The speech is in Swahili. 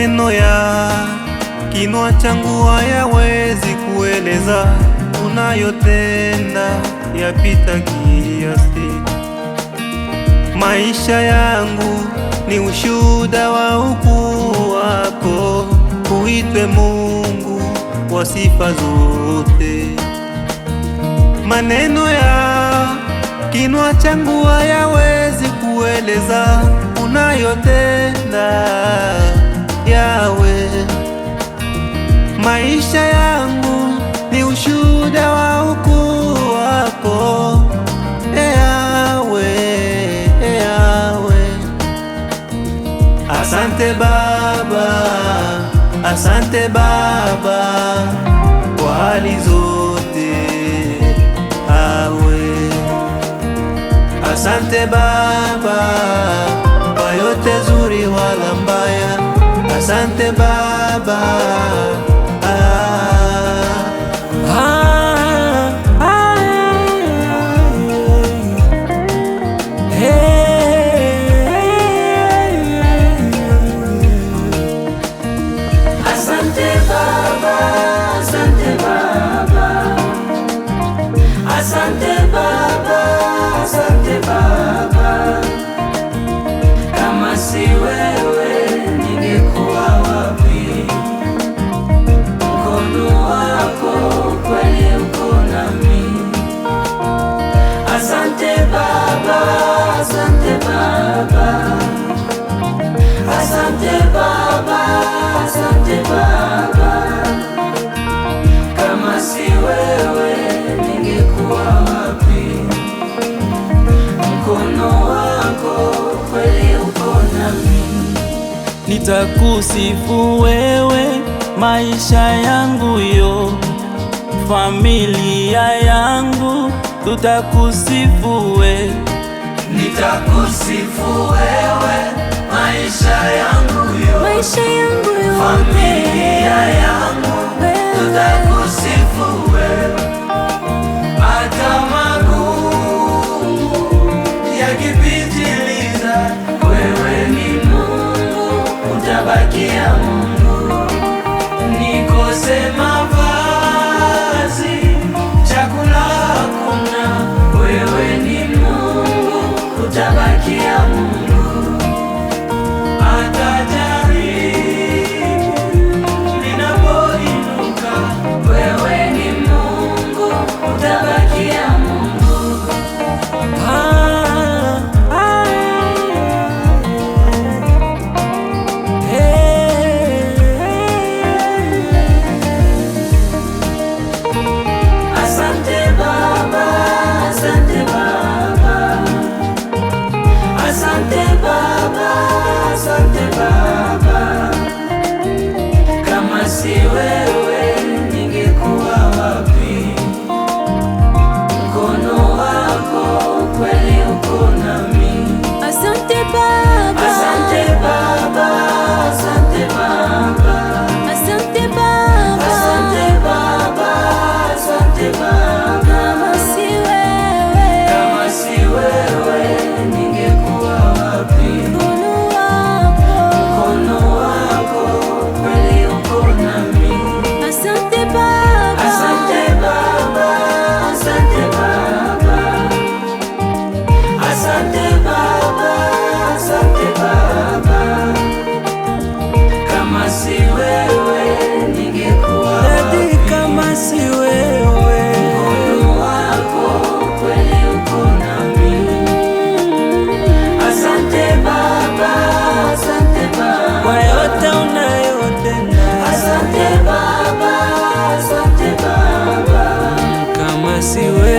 maneno ya kinwa changu hayawezi kueleza, unayotenda yapita kiasi. Maisha yangu ni ushuhuda wa ukuu wako, uitwe Mungu wa sifa zote. Maneno ya kinwa changu hayawezi kueleza unayotenda Asante Baba kwa hali zote, awe asante Baba kwa yote zuri wala mbaya, asante Baba nitakusifu wewe maisha yangu yo, familia yangu tutakusifu we, nitakusifu wewe maisha yangu yo, maisha yangu yo, familia yangu see